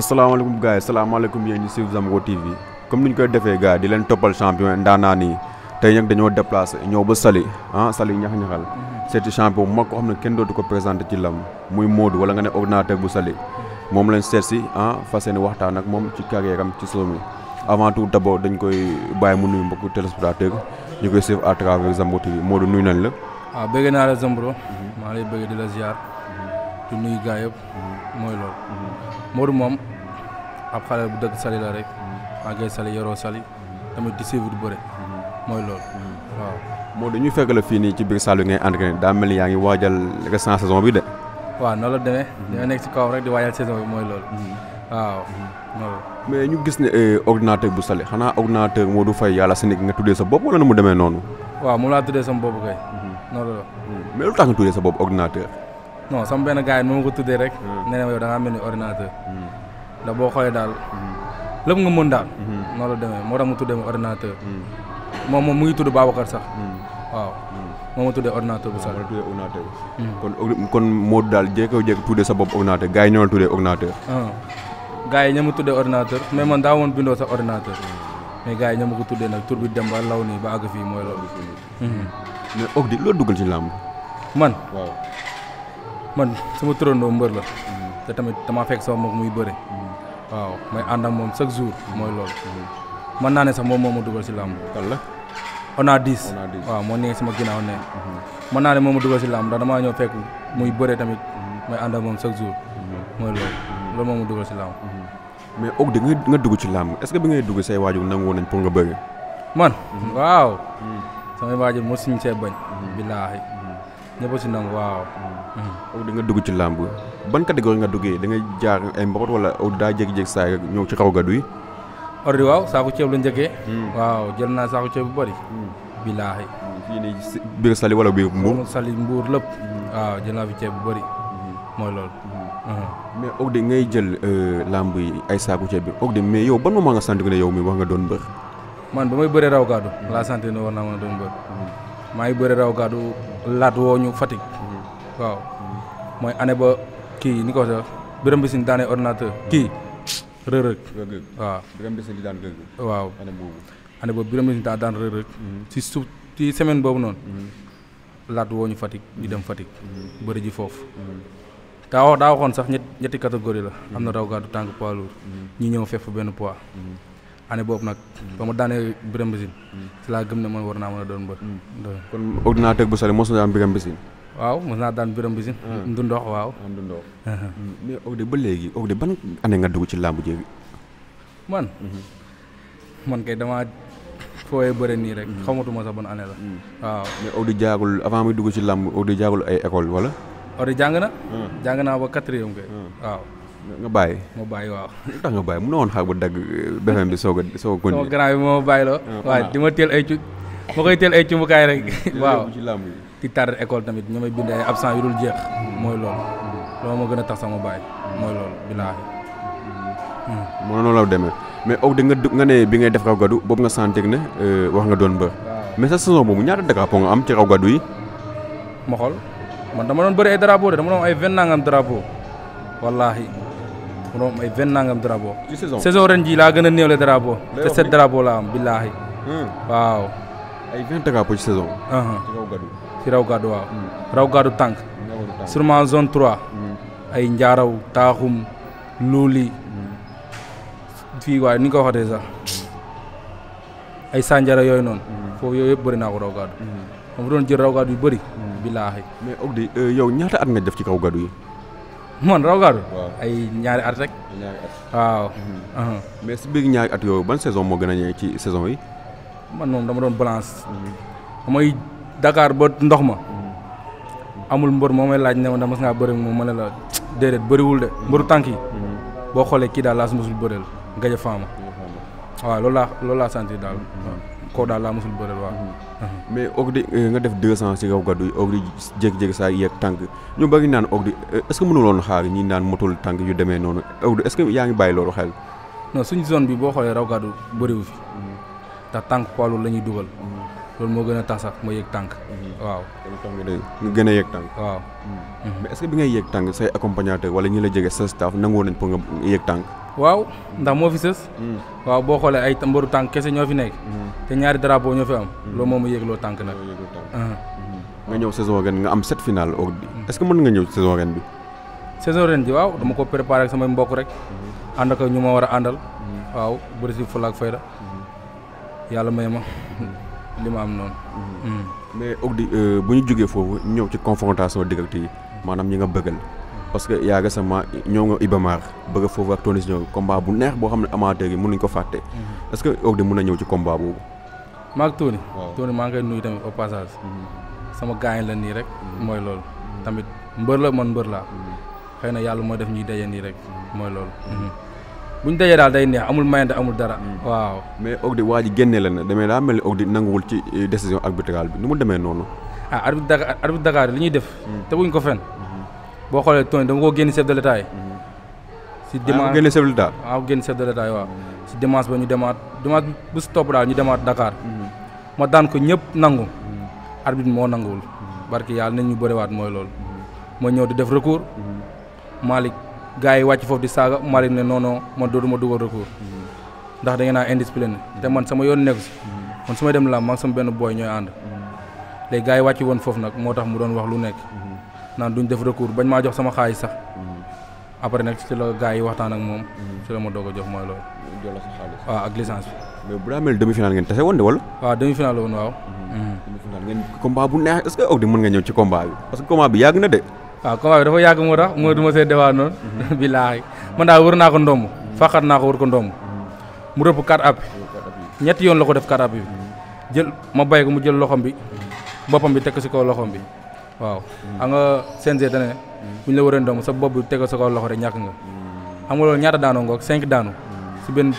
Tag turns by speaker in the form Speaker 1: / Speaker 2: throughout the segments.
Speaker 1: asalaamaaleykum gars yi salaamaaleykum yéen ñi suivre Zambro TV comme ni ñu koy defee gars di leen toppal champion ndaanaan yi tey nag dañoo déplacé ñëw ba Saly ah Saly ñax-ñaxal mhm. seeti champion bu mag ko xam ne kenn dootu ko présenté ci lam muy Modou wala nga ne ordinateur bu sali moom lañ seet si ah fas waxtaan ak moom ci carrière am ci mi avant tout d'abord dañ koy bàyyi mu nuyu mbokku téléspectateur ñu koy suivre à travers Zambro TV Modou nuyu nañ la
Speaker 2: ah, naa la Zambro mhm. maa lay bëgg di la ziar mhm. di nuyu gars Modou moom ab xale bu dëkk Saly la rek maa mm-hmm. ngi Saly yoroo Saly mm-hmm. tamit di suivre bëre mm-hmm. mooy lool waaw.
Speaker 1: moo dañuy fekk la fii nii ci biir Saalum ngay entraîné daa mel ni yaa ngi waajal restant saison bi de.
Speaker 2: waaw noonu la demee. nekk ci kaw rek di waajal saison mooy loolu.
Speaker 1: mais ñu gis ne eh, ordinateur bu Saly xanaa ordinateur du Faye yàlla si nekk nga tuddee sa bopp wala nu mu demee noonu.
Speaker 2: waaw moom laa tuddee sama bopp kay. noonu la.
Speaker 1: mais lu tax nga tuddee sa bopp ordinateur.
Speaker 2: non sama benn gars yi moo ma ko tuddee rek. Hmm. nee na yow mel ni ordinateur. Hmm. ndax boo xoolee daal. Hmm. lépp nga mën daal. noonu la demee moo tax mu tuddee ordinateur. moom moom mu ngi tudd Babacar sax. waaw moo ma tuddee ordinateur bi sax. waaw moo tuddee ordinateur
Speaker 1: kon kon Modou daal jékki-jékki tuddee sa bopp ordinateur gars yi ñoo la tuddee ordinateur.
Speaker 2: Ah. gars yi ñoo ma tuddee ordinateur mais man daa woon bindoo sa ordinateur. mais gars yi ñoo ma ko tuddee nag tur bi dem ba law nii ba àgg fii mooy loolu.
Speaker 1: mais Ogdi loolu duggal
Speaker 2: man waaw. man suma turandoo mbër la te tamit damaa fekk sama mag muy bëre waaw may ànd moom chaque jour mooy loolu mën naa ne sax moom moom ma dugal si làmb kan la on a dix waaw moo nekk sama ginnaaw mën mhm. naa ne moom ma dugal si làmb ndax damaa ñëw fekk muy bëre tamit mhm. may ànd ak moom chaque jour mhm. mooy moo ma si làmb
Speaker 1: mais og de nga dugg ci làmb est bi ngay dugg say waajur nangu woon nañ pour nga bëri
Speaker 2: man waaw samay waajur moo suñu see bañ billaahi ñëpp si nangu waaw.
Speaker 1: da nga dugg ci làmb ban catégorie nga duggee da ngay jaar ay mbapat wala daa jékki-jékki saa yi ñëw ci xaw ga duy.
Speaker 2: ordi waaw saako ceeb la njëkkee. Hmm. waaw jël naa saako ceeb bu bëri. Hmm. bilaahi. Hmm, fii nii
Speaker 1: biir sali wala biir Mbour.
Speaker 2: Saly Mbour lépp. waaw jël naa fi ceeb bu bëri. mooy lool
Speaker 1: mais Ordi ngay jël euh, làmb yi ay saako ceeb bi Ordi mais yow ban a nga sant ne yow mi wax nga doon mbër.
Speaker 2: man ba may bëree raw gàddu. laa sant ne war naa mën a doon mbër. may ngi raw gàddu lat woñu fatik mhm. waaw moy ané ba ki ni ko sax biram bi sin daanee ordinateur kii rërëg waaw biram bi sin daan rërëg waaw année boobu ané ba biram bi sin daa daan rërëg mhm. si su ci semaine bobu non mhm. lat woñu fatik di dem fatik bëri ji fofu daa wax daa waxoon sax ñet ñetti catégorie la amna raw gàddu tank poids lourd ñi ñëw fef ben poids année boobu nag. Mm. ba ma daanee Birame Mbissine. Mm. ci laa gëm ne man war naa mën a doon mbër. Mm. kon
Speaker 1: ordinateur bu sori mos na daan Birame Mbissine.
Speaker 2: mos naa daan Birame ah. du ndundox waaw. Ah, ndundox.
Speaker 1: mais Ogde ba léegi Ogde ban année nga dugg ci làmb jéegi. man. Mm-hmm.
Speaker 2: man kay nii rek. xamatuma sax ban année la. waaw
Speaker 1: mais Ogde jaagul avant muy dugg ci làmb Ogde jaagul ay école wala.
Speaker 2: Ogde jàng na. Ah. jàng naa ba quatrième waaw. nga bàyyi ma bàyyi waaw
Speaker 1: lu tax nga bàyyi mu noon xaar ba dagg beneen bi soog a soog a sama
Speaker 2: grand bi moo bàyyi loo di ma teel ay cu ma koy teel ay cumbukaay rek waaw ci làmb yi di tardé école tamit ñu may bind ay absent yu dul jeex mooy loolu loolu ma gën a tax sama bàyyi mooy loolu bilaahi
Speaker 1: moo noonu la demee mais og de nga nga ne bi eh, ngay def raw gadu boobu nga sentir ne wax nga doon mbër mais sa saison boobu ñaata drapeau nga am ci raw gadu yi
Speaker 2: ma xool man dama doon bëri ay drapeau dama doon ay vingt nangam drapeau wallahi romb ay vingt nangam drapeau. ci saison saison ren jii laa gën a néewle drapeau. te sept hmm. ci saison. ci raw gàddu. raw gàddu waaw. Hmm. raw gàddu tànk. sûrement zone trois. Hmm. ay njaaraw taaxum luuli. fii waaye ni nga ko waxatee sax ay sànjara yooyu noonu. foofu yooyu yëpp bëri naa ko raw gàddu. moom doon jël raw gàddu yu bari billaahi.
Speaker 1: mais Ogdy euh, yow ñaata at nga def ci kaw gàddu yi.
Speaker 2: man raw gaadu. ay ñaari at rek.
Speaker 1: ñaari waaw. Mhm. Uh-huh. mais si biir ñaari at yooyu ban saison moo gën a ci saison yi.
Speaker 2: man moom dama doon balance. mooy mhm. dakaar ba ndox ma. Mhm. amul mbër moo may laaj ne ma dama mas ngaa bëri moom ma ne la déedéet bëriwul de mbëru tànk yi. boo xoolee kii daal laa su musul bëreel gaja waaw loolu laa loolu laa sentir daal. koo daal laa mosul bëreel waaw.
Speaker 1: Hmm. mais Ogdi euh, nga def 200 ci kaw gaddu Ogdi jékki-jékki saa yeeg tànk ñu bari naan Ogdi euh, est-ce que mënuloon xaar ñi naan motul tànk yu demee noonu Ogdi est-ce que yaa ngi bàyyi loolu xel.
Speaker 2: non suñ zone bi boo xoolee raw gaddu bëriwu fi. ndax hmm. tànk poids loolu la ñuy dugal. Hmm. loolu moo gën a tax sax ma yëg tànk. waaw
Speaker 1: nga gën a yëg tànk. waaw. mais est-ce que bi ngay yëg tànk say accompagnateur wala ñi la jege sa staff nangoo nañ pour nga yëg tànk.
Speaker 2: waaw ndax moo fi sës. Hmm. waaw boo xoolee ay mbaru tànk kese ñoo fi nekk. Hmm. te ñaari drapeau ñoo fi am. Hmm. loolu moom ma yëgloo tànk nag. Uh-huh.
Speaker 1: nga ñëw saison ren nga am sept final au est-ce que mën nga ñëw saison ren bi.
Speaker 2: saison ren bi waaw dama ko préparé sama mbokk rek. ànd ak ñu ma war a àndal. waaw bëri si fulaak fayda. yàlla may ma li ma am noonu.
Speaker 1: mais Ogdi euh, bu ñu jógee foofu ñëw ci confrontation diggante yi maanaam ñi nga bëggal. parce que yaa récemment ñëw nga Ibamar bëgg a foofu ak Tony Junior bu neex boo xam ne amateur yi mën nañu ko fàtte. Mhm. est ce que Ordi mun na ñëw ci combat boobu.
Speaker 2: maa ngi Tony. maa ngi nuy nuyu tamit au passage. Mhm. sama gaañ la nii rek. Mhm. mooy loolu. tamit mbër la man mbër laa. xëy na yàlla mooy def ñuy daje nii rek. mooy loolu. bu ñu dajee daal day neex amul mayante amul dara.
Speaker 1: waaw mais Ordi waa ji génne la na demee daa mel ni Ordi nanguwul ci décision arbitrale bi nu mu demee noonu.
Speaker 2: ah arbitre Dakar ñuy def. teguñ ko fenn. boo xoolee tooñ dama koo génn chef de l'état yi si ah, dimanche génn chef de l'état waaw ah, génn chef de l'état yi waaw si dimanche ba ñu demaat dimanche bu si topp ñu demaat Dakar mm-hmm. ma dan ko ñëpp nangu mm-hmm. arbitre moo nanguwul mm-hmm. barki yàlla nañ ñu bëriwaat mooy loolu ma ñëw di def recours Malick gars yi wàcc foofu di saaga Malick ne non non man dootuma dugal recours ndax da ngeen naa indiscipliné te man sama yoon nekku man su dem lam maa sama benn booy ñooy ànd léegi gars yi wàcc woon foofu nag mu doon wax lu naan duñ def recours bañ maa jox sama xaalis sax mm-hmm. après nag ci la gars yi waxtaan ak moom mm-hmm. ci la ma doog jox mooy loolu jox la sa xaalis waaw ah, ak licence
Speaker 1: bi mais bu daa mel demi-finale ngeen tase woon de wala waaw ah, demi-finale la woon waaw mm-hmm. demi-finale ngeen combat bu neex est-ce di mën nga ñëw ci combat bi parce que combat bi yàgg na de
Speaker 2: waaw ah, combat bi dafa yàgg moo tax moo du ma see dewaat noonu billaahi man daal wër naa ko ndomb faxat naa ko wër ko ndomb mu rëpp quatre appuis ñetti yoon la ko def quatre appuis bi ma bay ko mu jël loxom bi boppam bi tekk ci kaw loxom bi waaw a nga CNG dane bu ñu la wareen doom sa bopp bi tegal sa kaw loxo rek ñàkk nga xam nga loolu ñaata daanoo ngoog cinq daanu si benn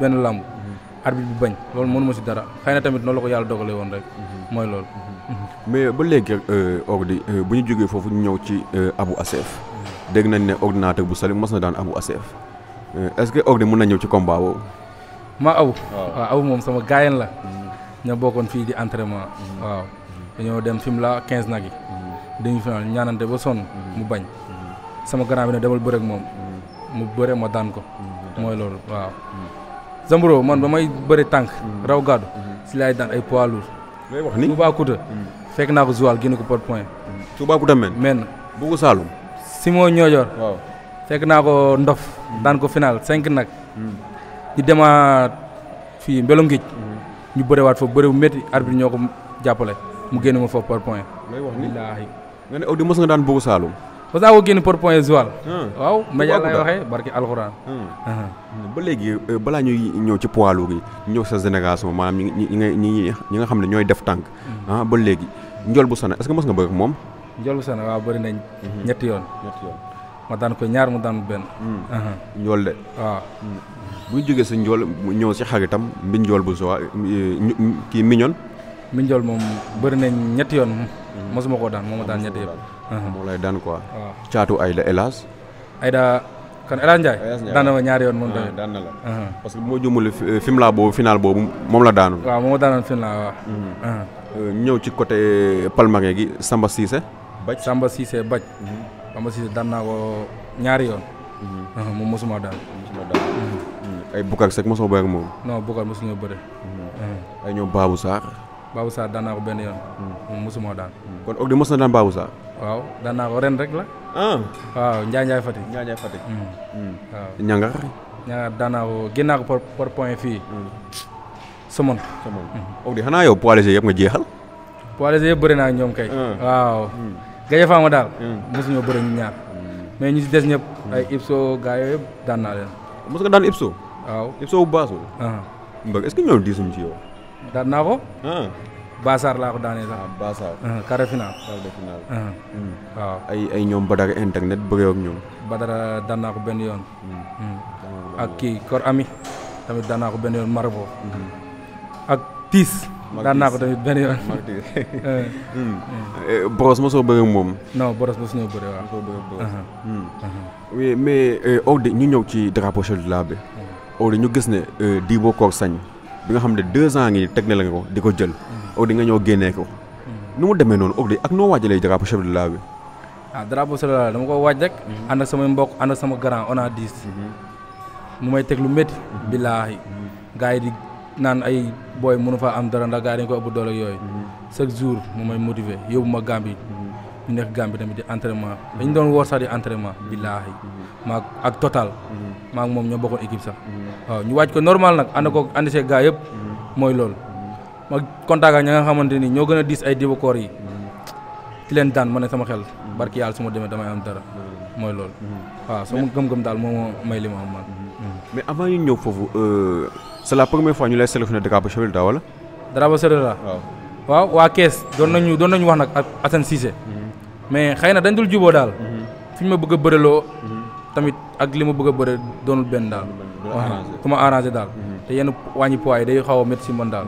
Speaker 2: benn làmb arbitre bi bañ loolu mënuma si dara xëy na tamit noonu la ko yàlla dogalee woon rek mooy loolu
Speaker 1: mais ba léegi euh, Ordi euh, bu ñu jógee foofu ñu ñëw ci euh, Abou Assef dégg nañ ne ordinateur bu Salim mos na daan abu Assef est-ce que Ordi mën na ñëw ci combat boobu
Speaker 2: maa aw aw moom sama gaayan la ña bokkoon fii di entraînement waaw dañoo dem fi mu la quinze nag yi demi final ñaanante ba sonn mu bañ sama grand bi ne demal bëre ak moom mu bëre ma daan ko mooy loolu waaw Zambro man ba may bëri tànk raw gàddu si laay daan ay poids lourds lay wax ni Toubacouta fekk naa ko Joal génn ko par point Toubacouta men men Bugu Saalum Simon fekk naa ko Ndof daan ko final cinq nag di demaat fii Mbelongij mm. ñu bëriwaat fa bëri bu métti arbitre ñoo ko jàppale mu génn ma foofu par point. may wax ni billaahi.
Speaker 1: nga ne aw mos nga daan bëgg Saalum.
Speaker 2: parce que génn par point Joal. Ah. waaw ma yàlla lay waxee barki alxuraan. Ah.
Speaker 1: Ah. ba léegi euh, balaa ñuy ñëw ci poids lourd yi ñëw sa génération maanaam ñi ñi ñi ñi nga xam ne ñooy def tànk. Mm. ah ba léegi Ndiol bu Sana est-ce que mos nga bëgg moom.
Speaker 2: Ndiol bu Sana waaw bëri nañ. Mm-hmm. ñetti yoon ñetti yoon. ma daan ko ñaar mu daan benn.
Speaker 1: Mm. Ndiol de. waaw. Mm. bu ñu jógee sa Ndiol ñëw si xaritam mbi Ndiol bu zoa euh, kii mignon
Speaker 2: minjol mom beur nañ ñet hmm. yoon mosuma ko daan moma daan ñet yëpp
Speaker 1: mo lay daan quoi waaw caatu Ayda Elas
Speaker 2: Ayda kan El Hadj Ndiaye daan na ma ñaari yoon moom daan ah,
Speaker 1: daan na la uh-huh. parce que moo jëmul euh, film la bo final boobu mom la daanu wa
Speaker 2: mo daanan film la wa
Speaker 1: ñew ci côté euh, palmarin gi Samba Cissé
Speaker 2: bac Samba Cissé bac hmm. Samba Cissé daan na ko ñaar yoon hmm. uh-huh, moom mosuma daan mosuma daan
Speaker 1: uh-huh. ay Bukar Seck mosoo bëre ak moom
Speaker 2: non Bukar mosuñoo bëre
Speaker 1: ay ñoom Babou Sarr
Speaker 2: Baboussa daan naa ko benn yoon. Hmm. moom mosuma daan.
Speaker 1: kon Ogdi mos na daan Baboussa.
Speaker 2: waaw daan ko ren rek la. ah waaw Ndiaye Ndiaye Fatick. Ndiaye Ndiaye Fatick. ko génnaa ko par point fii. Hmm. Somone. Somone
Speaker 1: hmm. Ogdi xanaa yow poids léger yëpp nga jeexal.
Speaker 2: poids léger yëpp bëri naa ñoom kay. Ah. waaw. Gaye Fama daal. mosuñoo bëri ñu ñaar. mais ñu si des ñëpp. ay Ibso gars yëpp daan leen. mos nga daan Ibso. waaw Ibso bu baas.
Speaker 1: Ah. mbëgg est-ce que ñoom diisuñu ci yow.
Speaker 2: daan naa ko. Ah. Basaar laa ko daanee sax. Ah, Basaar. carré ah, final. Hmm.
Speaker 1: waaw ay ay ñoom Badara internet bëggee ñoom.
Speaker 2: Badara daan naa ko benn yoon. Hmm. Hmm. ak kii Kor Ami tamit daan naa ko benn yoon Marabo. ak Tiis. daan naa ko tamit benn yoon. Eh.
Speaker 1: Eh, Boros mosoo bëri moom.
Speaker 2: non Boros mosoo ñëw bëri waaw. Uh-huh. Uh-huh.
Speaker 1: oui mais Ordi eh, ñu ñëw ci drapeau chef de l'État bi. Ordi ñu gis ne Dibou Kor Sagne. bi nga xam ne deux ans ngi teg ne la nga ko di ko jël. Ogdi hmm. nga ñëw génnee ko. Hmm. nu mu demee noonu Ogdi ak noo waajalee drapeau chef de l'État bi.
Speaker 2: ah drapeau chef de l'État dama ko waaj rek. Hmm. ànd ak samay mbokk ànd ak sama grand on a dix. mu may teg lu métti. billaahi gars yi di naan ay booy mënu faa am dara ndax gars yi dañu ëpp doole yooyu. chaque jour mu may motiver yóbbu ma Gambie. ñu nekk tamit di entraînement dañ doon wor sax di entraînement billahi ma ak total ma ak mom ñoo bokkon équipe sax waaw ñu waaj ko normal nak ànd ko ànd see gars yëpp mooy loolu ma contact ak ñinga xamanteni ñoo gëna dis ay dibu koor yi ci len daan ma sama xel barki yalla suma ma demee damay am dara moy lool waaw sama gëm-gëm dal moo may li mom
Speaker 1: man mais avant ñu ñëw fofu euh c'est la première fois ñu lay sélectionné de chevalier da wala
Speaker 2: drapeau chevalier da waaw waaw wa caisse don nañu don nañu wax nak ak Assane Cissé mais xëy na dañ dul juboo daal. Mhm. fi ñu ma bëgg a bëreloo. Mhm. tamit ak li ma bëgg a bëre doonul benn daal. waaw ma arrangé daal. Mhm. te yenn wàññi day xaw a métti si man daal.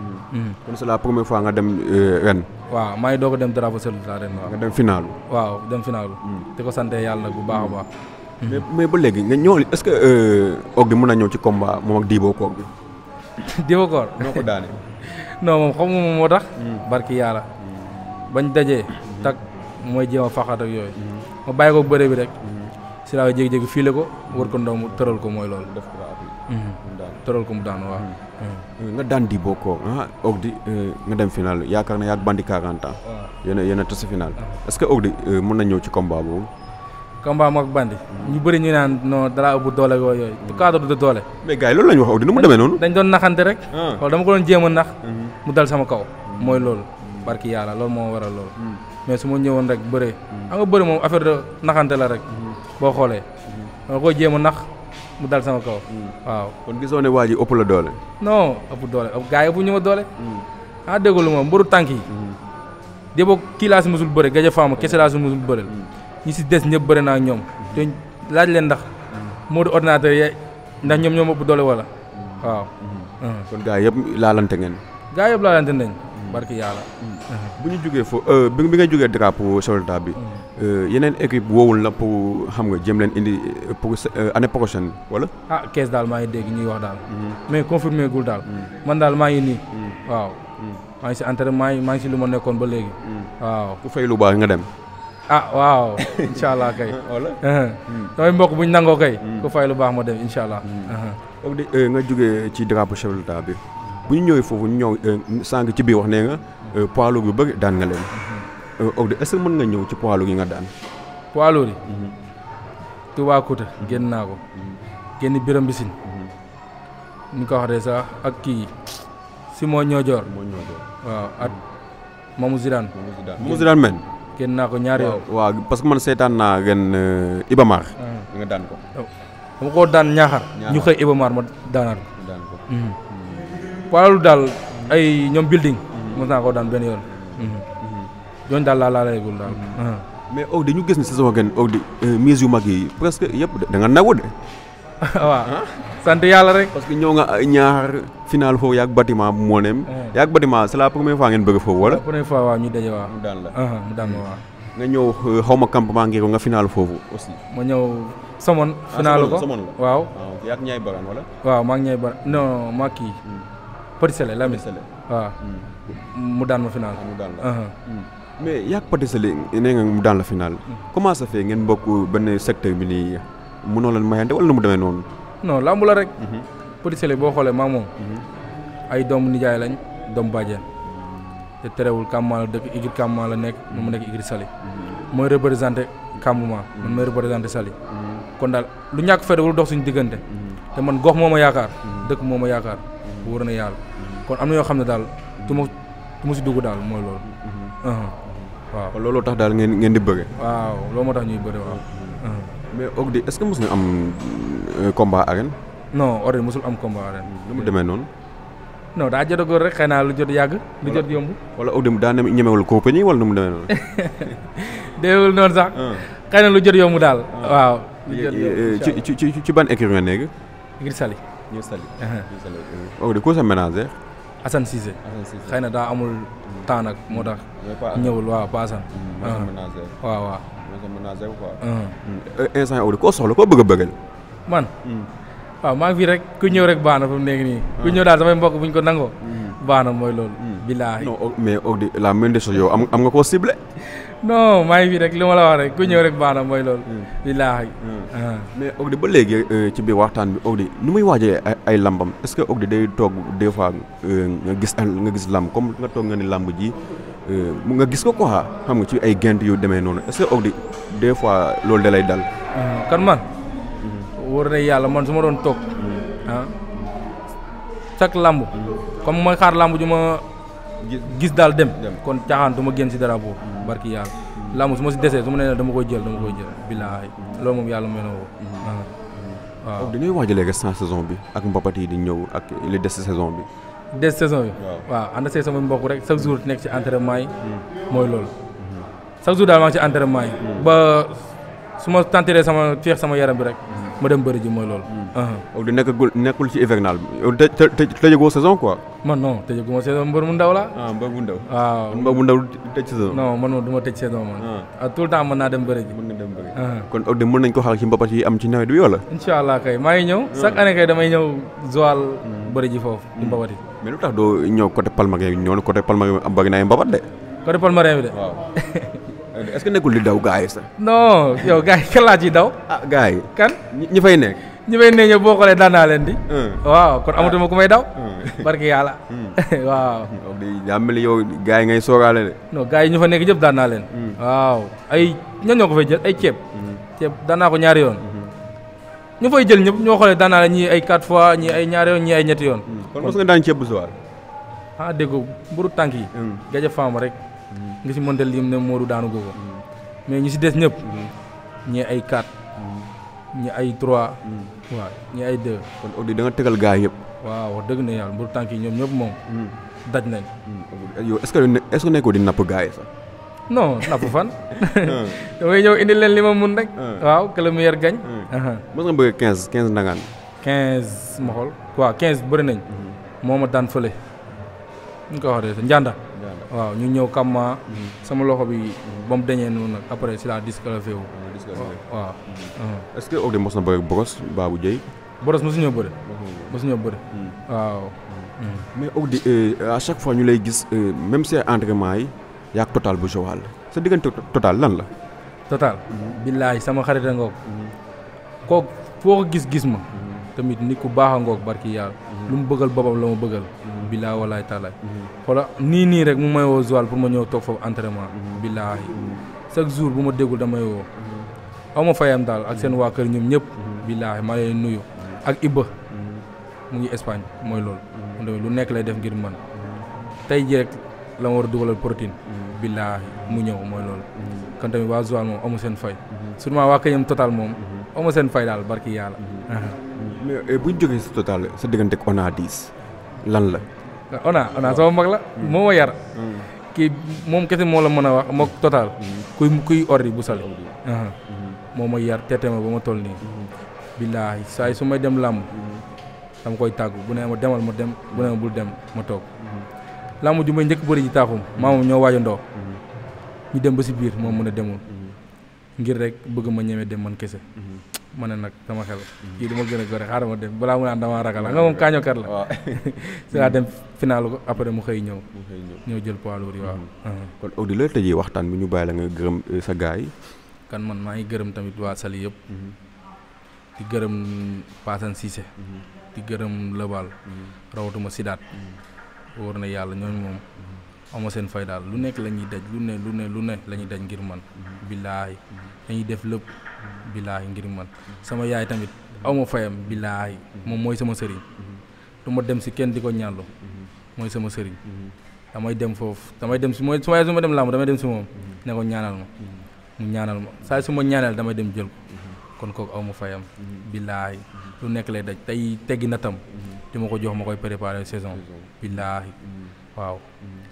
Speaker 1: kon la première fois nga dem euh, ren.
Speaker 2: waaw maa ngi doog a dem drapeau seul daal ren waaw. nga dem finaalu. waaw dem finaalu. di ko sant yàlla bu baax a baax.
Speaker 1: mais mais ba léegi nga ñëw est-ce que euh, Ogg mun na ñëw ci combat moom ak Dibo Koor bi.
Speaker 2: Dibo Koor noo ko daane. non moom xamuma moom moo tax. barki yàlla bañ dajee. mooy jéem a faxaat ak yooyu ma bàyyi ko bëre bi rek si laa jégi-jégi fii la ko wër ko ndaw mu tëral ko mooy loolu def ko mhm. daal tëral ko mu daan waaw mhm.
Speaker 1: Mhm. nga daan di bokko ah di euh, nga dem final yaakaar na yaag bandi 40 ans yéen a yéen a tase final uh-huh. est-ce que ogdi euh, mën na ñëw ci combat boobu
Speaker 2: combat mook bandi ñu bëri ñu naan non dara ëpp doole yooyu yooyu du cadre de doole mais gars
Speaker 1: yi loolu lañu wax di nu mu demee noonu
Speaker 2: dañ doon naxante rek wala ah. dama ko doon jéem a nax mu dal sama kaw mooy loolu barki yàlla loolu moo waral loolu mais su ma ñëwoon rek bëre xam nga bëre moom affaire de naxante la rek boo xoolee mhm. danga koy jéem a nax mu dal sama kaw mhm.
Speaker 1: waaw kon gisoo ne waa ji ëpp la doole
Speaker 2: non ëpp doole gaa yi ëpp ñu ma doole mhm. ah dégg lu moom mbëru tànk yi débo kii laa si musul bëre gaja faama kese laa si musul bëre ñu si des ñëpp bëre naa ñoom te laaj leen ndax moo di ordinateur yi ndax ñoom ñoom ëpp doole wala waaw
Speaker 1: kon gaa yëpp laalante ngeen
Speaker 2: gaa yëpp laalante nañ barki yalla mm.
Speaker 1: bu ñu jógee fo euh bi nga joggé drapeau soldat bi mm. euh yenen équipe wowul la pour xam nga jëm leen indi euh, pour euh, année prochaine
Speaker 2: wala ah caisse dal ma ngi dégg ñuy wax dal mm-hmm. mais confirmé gul dal mm. man dal ma ngi ni waaw ma ngi ci entraînement ma ngi ci luma nekkon ba légui waaw ku fay lu baax nga dem ah waaw inshallah kay wala hmm tay mbokk buñ nango kay ku fay lu baax mo dem
Speaker 1: inshallah hmm ok de euh, nga joggé ci drapeau soldat bi bu ñu ñëwee foofu ñu euh, ñëw sànq ci biir wax nee nga euh, poids bu yu daan nga leen. Euh, Ogde est-ce mën nga ñëw ci poids gi nga daan.
Speaker 2: poids lourd yi. Mhm. Toubacouta génn naa ko. Mhm. génn Biram Bisin. ñu mhm. ko wax de sax ak kii Simon Niodior. waaw at Mamou Zidane. Mamou Zidane men.
Speaker 1: génn naa ko ñaari yoon. waaw parce que man seetaan naa ren Ibamar.
Speaker 2: Ah. nga ko. Oh. dama koo daan ñaaxar. ñu xëy Ibamar ma daanaat wàllu daal ay ñoom building. mos naa koo daan benn yoon. ñooñu daal laa laa laygul daal.
Speaker 1: mais Oudé ñu gis ne saison gan Oudé euh, mise yu mag yi presque yëpp da nga nagu de. waaw yàlla rek. parce que ñëw nga ñaar final foofu yaag bâtiment bu moo neem. Eh. yaag bâtiment c'est la première fois ngeen bëgg foofu wala.
Speaker 2: première fois waaw ñu daje waaw. mu daan la mu daan la waaw.
Speaker 1: nga ñëw euh, xaw ma campement ngir nga finaal foofu aussi.
Speaker 2: ma ñëw Somone. Ah, finalu ko waaw. waaw ah, ñaay baran wala. waaw maa kii. Hmm. Petit Sélé Lamine Petit ah. mm. mu daan ma final. mu daan uh-huh.
Speaker 1: mm. mais yaa ngi nee nga mu daan la final. Mm. comment ça fait ngeen bokk benn secteur bi nii mënoo leen mayante wala lu mu demee noonu.
Speaker 2: non lamb la rek. Mm-hmm. Petit boo xoolee maa moom. Mm-hmm. ay doomu nijaay lañ doomu bàjjen. te terewul Kamboumaa la dëkk Igri Kamboumaa la nekk. mu nekk Igri Saly. Mm-hmm. mooy représenté Kamboumaa. man mooy représenté Saly. kon daal lu ñàkk fere wul dox suñu diggante. te man gox moo ma yaakaar. dëkk moo ma yaakaar. wóor na yàlla. kon am na yoo xam ne daal tu ma tu ma si dugg daal mooy loolu. Mhm. Uh-huh.
Speaker 1: waaw looloo tax daal ngeen ngeen di bëre.
Speaker 2: waaw loolu moo tax ñuy bëre waaw. Mhm. Uh-huh.
Speaker 1: mais Ordi est-ce que mos nga am euh, combat arène.
Speaker 2: non Ordi mosul am combat arène. mu demee noonu. non daa jot a góor rek xëy naa lu jot yàgg. lu jot yomb.
Speaker 1: wala Ordi daa ne ñemewul compagnie wala nu mu demee noonu.
Speaker 2: déewul noonu sax. Ah. xëy na lu jot yomb daal. Ah. waaw lu euh, ci
Speaker 1: ci ci ban écurie nga nekk.
Speaker 2: Écurie Saly. ñu sali. ñu sali
Speaker 1: waaw oh, ko sa ménager.
Speaker 2: Assane Cissé. Assane na daa amul temps nag moo tax. ñëwul waaw Pa Assane. moo mm, sa ménager. waaw waaw.
Speaker 1: moo sa quoi. Mm. Eh, instant yow di koo soxla koo bëgg a bëggal.
Speaker 2: man. Mm. waaw maa fi rek ku ñëw rek baax na fa mu nekk nii. ku ah. ñëw daal samay mbokk bu ñu ko nangoo. baax na mooy loolu. billaahi non
Speaker 1: oh, mais Ordi la main de chose yow am nga koo ciblé.
Speaker 2: non maa ngi fi rek li ma la wax rek ku ñëw rek baax na mooy loolu. Hmm. billaahi. Hmm. Ah. mais Ogdy ba
Speaker 1: léegi euh, ci biir waxtaan bi Ogdy nu muy waajee ay lambam est-ce que Ogdy day toog des fois euh, nga gis nga gis lamb comme nga toog nga ni lamb ji euh, nga gis ko quoi xam nga ci ay gént yu demee noonu est-ce que Ogdy des fois loolu da lay dal.
Speaker 2: Ah, kan man. Hmm. wóor na yàlla man su ma doon toog. ah chaque lamb. comme mooy xaar lamb ju ma. gis daal dem kon caaxaan du ma génn si dara boobu barki yàlla laamu su ma si desee su ma nee dama koy jël dama koy jël billaahi loolu moom yàlla may na woo mhm.
Speaker 1: waaw dañuy waajale léegi saison bi ak mbapat yi di ñëw ak li des saison bi
Speaker 2: des saison bi waa ànd see sama mbokk rek chaque jour nekk ci entraînement yi mhm. mooy loolu mhm. chaque jour daal maa ngi ci entraînement yi ba su ma tenteree sama feex sama yaram bi rek ma dem bëri ji mooy loolu. Hmm.
Speaker 1: nekk di nekkagul nekkul ci hivernal te te tëjagoo saison quoi.
Speaker 2: man non tëjaguma saison mbër mu ndaw la. ah mbër mu ndaw. waaw
Speaker 1: mbër mu ndaw tëj saison.
Speaker 2: non man moom du ma tëj saison man. ah, ah tout le temps mën naa dem bëri ji. mën dem bëri
Speaker 1: kon Ogde mën nañu ko xaar ci mbapat yi am ci nawet bi wala.
Speaker 2: incha allah kay maa ngi ñëw. Ah. chaque année kay damay ñëw Joal. Hmm. bëri ji foofu ci hmm. mbapat yi.
Speaker 1: mais lu tax doo ñëw côté Palmarin ñëw côté Palmarin am bëri na ay mbapat de.
Speaker 2: côté Palmarin bi waaw
Speaker 1: est nekkul di daw gars yi sax. non yow gars yi kan daw. ah gars yi kan. ñi fay nekk. ñi fay nekk boo
Speaker 2: xoolee daan naa leen di. Hmm. waaw kon ah. amatuma ku may daw. Hmm. barki yàlla.
Speaker 1: Hmm. waaw. donc daa mel ni yow gars yi ngay soogaale de.
Speaker 2: non gars yi ñu fa nekk yëpp daan naa leen. waaw ay ñan ñoo ko fay jël ay ceeb. ceeb daan ko ñaari yoon. ñu fay jël ñëpp ñoo xoolee daanaa naa leen ñii ay quatre fois ñii ay ñaari yoon ñii ay ñetti yoon. kon mos nga daan ceeb bu soir. ah dégg nga mburu tànk yi. gaja faam rek. nga si mondel yim ne Modou daanu gogo mm. mais ñi ci dess ñep mm. ñi ay 4 mm. ñi ay 3 wa ñi ay 2
Speaker 1: kon Ogdi da nga tegal gaay yep
Speaker 2: waaw wax dëgg na yàlla mburu tanki ñom ñep mom daj nañ
Speaker 1: yo est ce que est ce que nekkoo di nap gaay sa
Speaker 2: non nap fan damay ñëw indi leen li ma mun rek waaw que le meilleur gagne uh-huh.
Speaker 1: mo nga bëgg 15 15 ndangaan
Speaker 2: 15 mo xol waaw 15 bëri nañ moma dan fele fële ñu ko waxee njanda waaw ñu ñëw kamma mm-hmm. sama loxo bi ba mu dañee noonu nag après si laa disqualifié ah, wu waaw mm-hmm. Mm-hmm.
Speaker 1: est-ce que Ogde mos na bëre Brosse Babou Dieye Brosse mosuñoo bëre
Speaker 2: mosuñoo bëre waaw mais Ogde
Speaker 1: euh, à chaque fois ñu lay gis euh, même si entraînement yi yaag total bu Joal sa diggante total lan la
Speaker 2: total billaay sama xarit a ngoog kooku foo ko gis-gis ma tamit nit ku baax a ngoog barki yàlla lu mu bëggal boppam la ma bëggal. Mm-hmm. billaa walaay taalaay. Mm-hmm. xoola nii nii rek mu may woo Joal pour ma ñëw toog foofu entraînement. Mm-hmm. billaahi chaque jour bu ma déggul damay woo. aw ma fayam daal ak seen waa kër ñoom ñëpp. billaahi ma leen ak Ibba. mu mooy loolu. lu nekk lay def ngir man tey jii rek la ma war a dugalal protéine. billaahi mu ñëw mooy loolu. kon tamit waa Joal moom amu seen fay. surtout waa Kañam total moom. amu seen fay daal barki yàlla.
Speaker 1: mais eh, bu ñu jógee total sa diggante ak Ona 10 lan la.
Speaker 2: Ona Ona sama mag la hmm. moo ma yar. Hmm. kii moom kese moo la mën wax moog total. Hmm. kuy kuy ordi bu sale. moo ma yar tete ma ba ma toll nii. billaahi saa su may dem làmb. dama koy tàggu bu ne ma demal ma dem bu ne ma bul dem ma toog. làmb ju may njëkk bëri ji taaxum maamam ñoo waajandoo. ñu dem ba si biir moom mën demul. ngir rek bëgg ma ñeme dem man kese ma nak sama xel kii du ma gën a gore xaaral ma dem balaa mu naan damaa ragal la nga moom kaañokat la waaw si dem finaalu après mu xëy ñëw jël poids lourd mm-hmm.
Speaker 1: kon la bi ñu la nga euh, sa kan
Speaker 2: man maa ngi gërëm tamit waa Saly yëpp mm-hmm. di gërëm Paasan Cissé mm-hmm. di gërëm Lebal rawatuma Sidaat wóor na yàlla ñooñu moom ama seen fay daal lu nekk la daj lu ne lu ne lu ne la daj ngir man dañuy def billaahi ngir man sama yaay tamit aw ma fayam billaahi moom mooy sama sëriñ duma ma dem si kenn di ko ñaanlu mooy sama sëriñ damay dem foofu damay dem si mooy su ma su ma dem làmb damay dem si moom ne ko ñaanal ma mu ñaanal ma saa dem jël kon kooku aw lu nekk lay daj tey teggi na tam di ma ko jox ma koy préparer saison billaahi waaw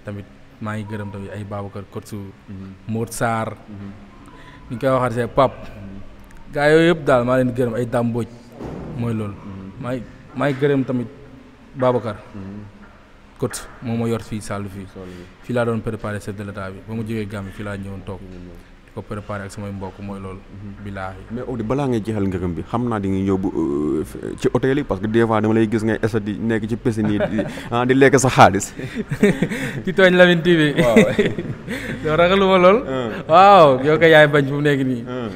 Speaker 2: tamit maa ngi gërëm tamit ay Babacar Kotsu Mour Sarr ni koy waxaat see Pape gaa yooyu yëpp daal maa leen gërëm ay dàmbooj mooy loolu maay mm-hmm. maay gërëm tamit Babacar mm-hmm. kot moom ma yor fii sàll fii fii laa doon préparé chef de l'état bi ba mu jógee Gambie fii laa ñëwoon toog ko préparé ak samay mbokk mooy loolu. Mhm. bilaahi
Speaker 1: mais Audy balaa ngay jeexal ngërëm bi xam naa di nga yóbbu euh, ci hôtel yi parce que des dama lay gis ngay esa di nekk ci piscine yi di ah, lekk sa xaalis.
Speaker 2: ci tooñ Lamine TV. waaw yow ragaluma lool. Ah. waaw yow kay yaay bañ fu mu nekk nii. Ah.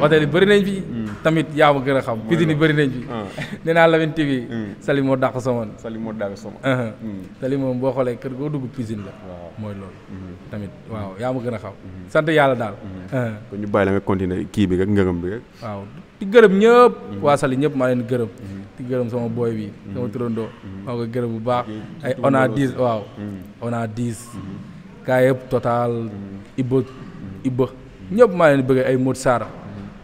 Speaker 2: mooy yi bëri nañ fi. Mm. tamit yaa ma gën a xam. mooy loolu piscine yi bëri nañ fi. Ah. nee naa Lamyn TV. Hmm. salimo moo dàq sama. Salim uh-huh. hmm. boo xoolee kër goo dugg piscine la. mooy loolu. Hmm. tamit waaw yaa ma gën a xam. sant yàlla daal. Uh-huh.
Speaker 1: kon ñu bàyyi la nga continuer kii bi rek ngërëm bi rek. waaw
Speaker 2: di gërëm ñëpp. waa Salim ñëpp maa leen gërëm. di gërëm sama booy bi. sama turandoo. maa ko gërëm bu baax. ay on a 10 waaw. on a kaa yëpp total. Ibba Ibba ñëpp maa leen bëgg ay Modou Sarr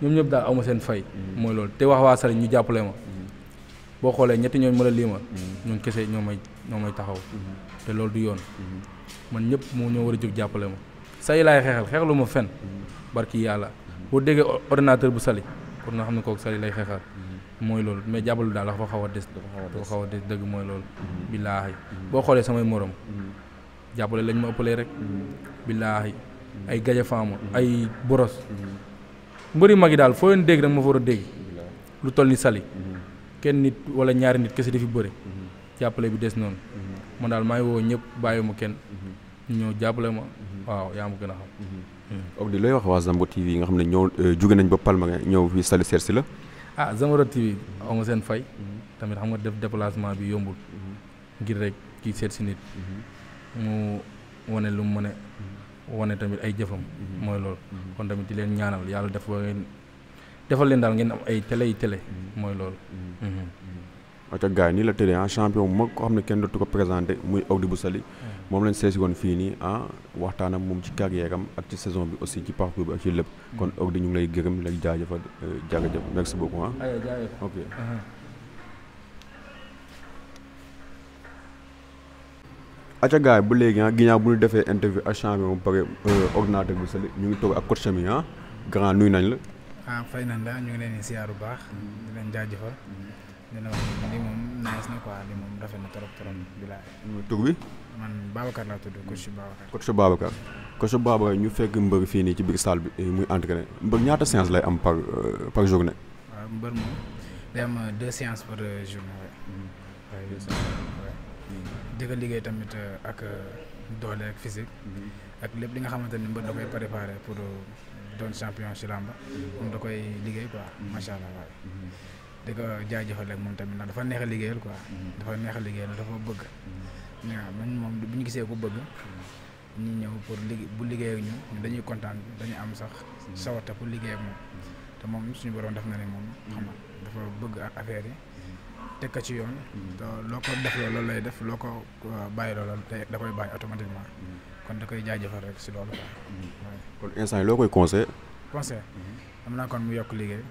Speaker 2: ñoom ñëpp daal awma seen fay mm-hmm. mooy loolu te wax waa sare ñu jàppale ma mm-hmm. boo xoolee ñetti ñooñ ma la lii ma mm-hmm. ñooñ kese ñoo may ñoo may taxaw te loolu du yoon man ñëpp moo ñoo war a jóg jàppale ma say laay xeexal xeexlu ma fen barki yàlla boo déggee ordinateur bu sali pour na xam ne kooku sali lay xeexal mooy loolu mais jàppalu daal dafa xaw a des dafa xaw a des dëgg mooy lool billaahi boo xoolee samay morom jàppale lañ ma ëppalee rek billaahi ay gaja faama ay boros mbëri mag yi daal foo leen dégg rek ma fa war a dégg lu toll ni sali mm-hmm. kenn nit wala ñaari nit kese di fi bëri mm-hmm. jàppale bi des noonu mm-hmm. man daal maa ngi woo ñëpp bàyyi ma kenn ñoo jàppale ma waaw yaa ma gën a
Speaker 1: xam mm. di looy wax waa Zambro TV nga xam ne ñoo euh, jóge nañ ba Palma ñëw fii sali seet si la
Speaker 2: ah Zambro TV aw ma seen fay tamit xam nga def déplacement bi yombul ngir rek kii seet si nit mu wane lu mu mën wane tamit ay jëfam mhm. mooy lool mhm. kon tamit di leen ñaanal yàlla def ba ngeen defal leen daal ngeen am ay télé yi télé mhm. mooy lool
Speaker 1: acca gars yi nii la tëddee ah champion bu mag ko xam ne kenn dootu ko présenté muy Ordi bu Saly moom lañ seesi woon fii nii ah waxtaanam moom ci carrière am ak ci saison bi aussi ci parcours bi ak ci lépp kon Ordi ñu ngi lay gërëm lay jaajëfal euh, jaajëfal merci beaucoup ah ok uh-huh. acca gars yi ba léegi ah ginnaaw bu ñu defee interview ak champion bu pare euh, ordinateur bi sali ñu ngi toog ak coach mi ah grand nuyu nañ la.
Speaker 3: ah fay nañ la ñu ngi leen di siyaaru baax di leen jaajëfal dina wax li moom nees na quoi li moom rafet na trop trop bi laa. tur bi. man Babacar laa tudd coach Babacar.
Speaker 1: coach Babacar coach Babacar ñu fekk mbër fii nii ci biir salle bi eh, muy entraîné mbër ñaata séance lay am par euh, par journée.
Speaker 3: waaw mbër moom day am deux séances par euh, journée. Mm. di ko liggéey tamit euh, ak euh, doole ak physique mm-hmm. ak lépp li nga xamante ni mbër da koy préparé pour euh, doon champion ci moom da koy liggéey quoi mm-hmm. macha allah waaye mm-hmm. di ko jaajëfal ak moom tamit ndax dafa neex a liggéeyal quoi dafa neex a liggéeyal dafa bëgg waaw man moom bu ñu gisee bu bëgg ñu ñëw pour liggéey bu liggéey ak ñu dañuy kontaan dañu am sax sawata pour liggéey ak moom te moom suñu borom def na ne moom xam nga dafa bëgg affaire yi teg ka ci yoon. Mm-hmm. loo ko def loolu lay def loo ko uh, bàyyi loolu te da koy bàyyi automatiquement. Mm-hmm. kon da koy jaajëfal rek si loolu. Mm-hmm.
Speaker 1: kon instant yi loo koy conseil.
Speaker 3: conseil am naa kon mu yokk liggéey.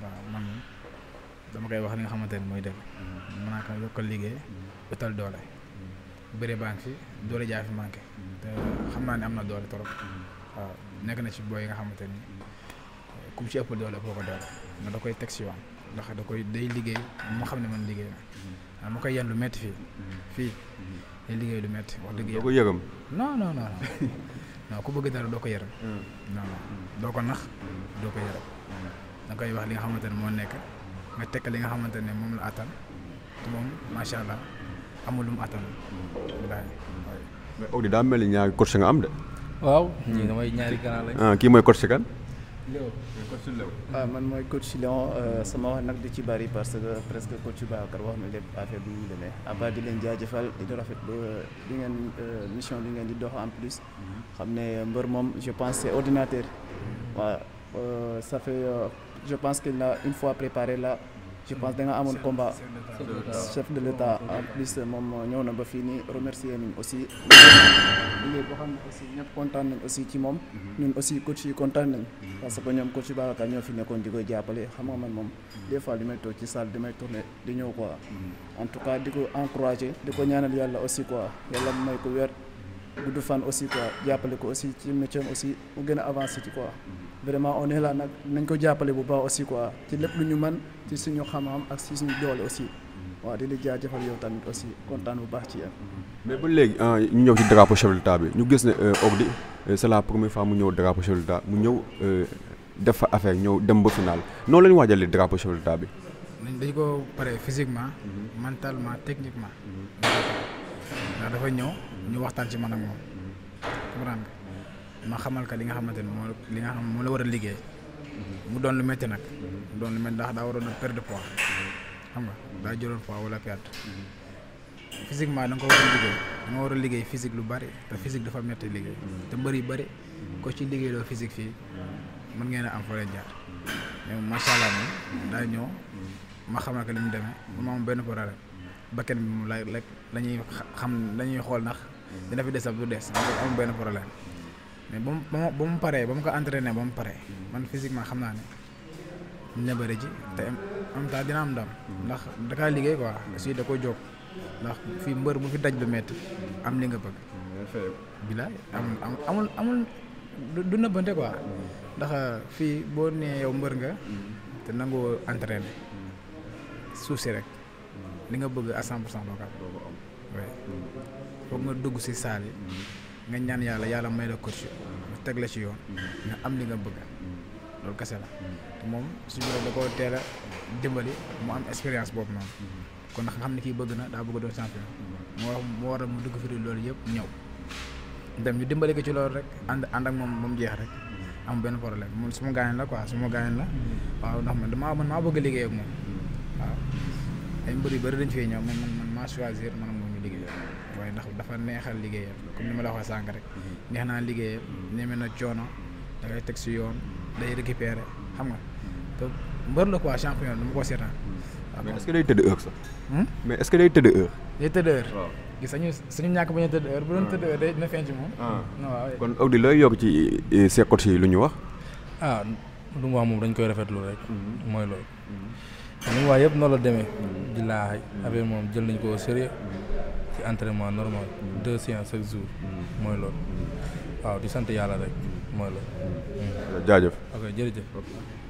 Speaker 3: waa man dama koy wax li nga xamante ne mooy dëgg. mën naa ko yokk liggéey. utal doole. bëre baa ngi doole jaa fi manqué. te xam naa ne am na doole trop. nekk na ci booy yi nga xamante ni ci ëpp doole boo ko doole. nga da koy teg si yoon. ndax da koy day liggéey mu xam ne man liggéey na ma koy yan lu métti fii fii day liggéey lu métti wax dëgg yàlla doo ko yëgam non non non non ku bëgg dara doo ko yëram non non doo ko nax doo ko yëram da koy wax li nga xamante ne moo nekk nga tekk li nga xamante ne moom la attan te moom macha allah amul lu mu attan bilaay mais
Speaker 1: Audy daa mel ni ñaari course nga am de waaw ñii nga mooy ñaari grand lañ kii mooy course kan
Speaker 4: Léo coach Léo waaw ah, man mooy coach Léon euh, sama wax nag di ci bari parce que presque coach Babacar wax na lépp affaire bi ñu demee à part di leen jaajëfal di rafet ba di ngeen euh, mission bi ngeen di dox en plus mhm. xam ne mbër moom je pense c'est ordinateur waaw euh, ça fait je pense qu'il a une fois préparé là je pense da nga amoon combat chef de l'état en plus moom ñëw na ba fii nii remercier nañ aussi liggéey boo xam ne aussi ñëpp kontaan nañ aussi ci moom ñun aussi coach yi kontaan nañ parce que ñoom coach Babacar ñoo fi nekkoon di koy jàppale xam nga man moom des fois li may toog ci salle di may tourné di ñëw quoi en tout cas di ko encouragé di ko ñaanal yàlla aussi quoi yàlla may ko weer gudd fan aussi quoi jàppale ko aussi ci métier aussi mu gën a ci quoi vraiment on est là nag nañ ko jàppale bu baax aussi quoi ci lépp lu ñu man ci suñu xam ak ci suñu doole aussi waaw di la jaajëfal yow tamit aussi kontaan bu baax ci yéen.
Speaker 1: mais ba léegi ah, ñu ñëw ci drapeau chef bi ñu gis ne euh, Ordi euh, c'est la première fois mu ñëw drapeau chef mu ñëw euh, def fa affaire ñëw dem ba finaal noonu la ñu waajalee drapeau chef de bi.
Speaker 3: nañ dañ ko pare physiquement. mentalement techniquement. Mhm. ndax dafa ñëw ñu waxtaan ci man ak moom. ma xamal ka li nga xamante ne moo li nga xam moo la war a liggéey mu doon lu métti nag mu doon lu métti ndax daa waroon a perte poids xam nga daa jëloon poids wala perte physiquement da nga ko war a liggéey da nga war a liggéey physique lu bari te physique dafa métti liggéey te mbër yu bari ko ci liggéey loo physique fii mën ngeen a am foo leen jaar mais macha allah moom daa ñëw ma xamal ka li mu demee mu am benn problème bakkan bi moom la la la ñuy xam la ñuy xool ndax dina fi des ab du des amul benn problème mais ba mu ba mu paree ba mu ko entraîné ba mu paree man physiquement xam naa ne dina ji te en même dina am ndam ndax dakaa liggéey quoi aussi da ko jóg ndax fii mbër bu fi daj lu métti am li nga bëgg. bilaay amul amul amul du nëbbante quoi ndax euh, fii boo nee yow mbër nga te nangoo entraîné suuf si rek li nga bëgg à cent pour cent doo ko am nga dugg si saal nga ñaan yàlla yàlla may la coach mu teg la ci yoon mm-hmm. nga am li nga bëgg mm-hmm. loolu kese la mm-hmm. te moom suñu da ko teel a dimbali mu am expérience boobu noonu kon ndax xam ne kii bëgg na daa bëgg doon champion moo moo mu dugg firi loolu yëpp ñëw dem ñu dimbali ko ci loolu rek ànd ànd ak moom moom jeex rek am benn problème moom su ma gaañoon la quoi su ma gaañoon la waaw ndax man damaa man maa bëgg a liggéey ak moom waaw ay mbër yu bëri dañ fee ñëw man man maa choisir man moom ñu liggéey ndax dafa neexal liggéeyam mm-hmm. comme ni ma la waxee sànq rek mm-hmm. neex naa liggéeyam ñeme mm-hmm. na coono da ngay teg si yoon day récupéré xam nga te mbër la quoi champion du ma ko seetaan.
Speaker 1: mais est ce que day tëdd heure sax. Hmm? mais est day tëdd heure.
Speaker 3: day tëdd heure gis nañu suñu ñàkk ba ñu tëdd heure bu doon ah. tëdd heure day dina feeñ ci moom. Ah. waaw
Speaker 1: kon Audy lay yokk ci e, ses coachs yi lu ñu wax.
Speaker 2: ah lu mu wax moom dañ koy rafetlu rek. mooy loolu. li wax yëpp noonu la demee. di laaj affaire moom jël nañ ko ci entraînement normal deux séances chaque jour mooy lool waaw di sant yàlla rek mooy loolu jaajëf ok jërëjëf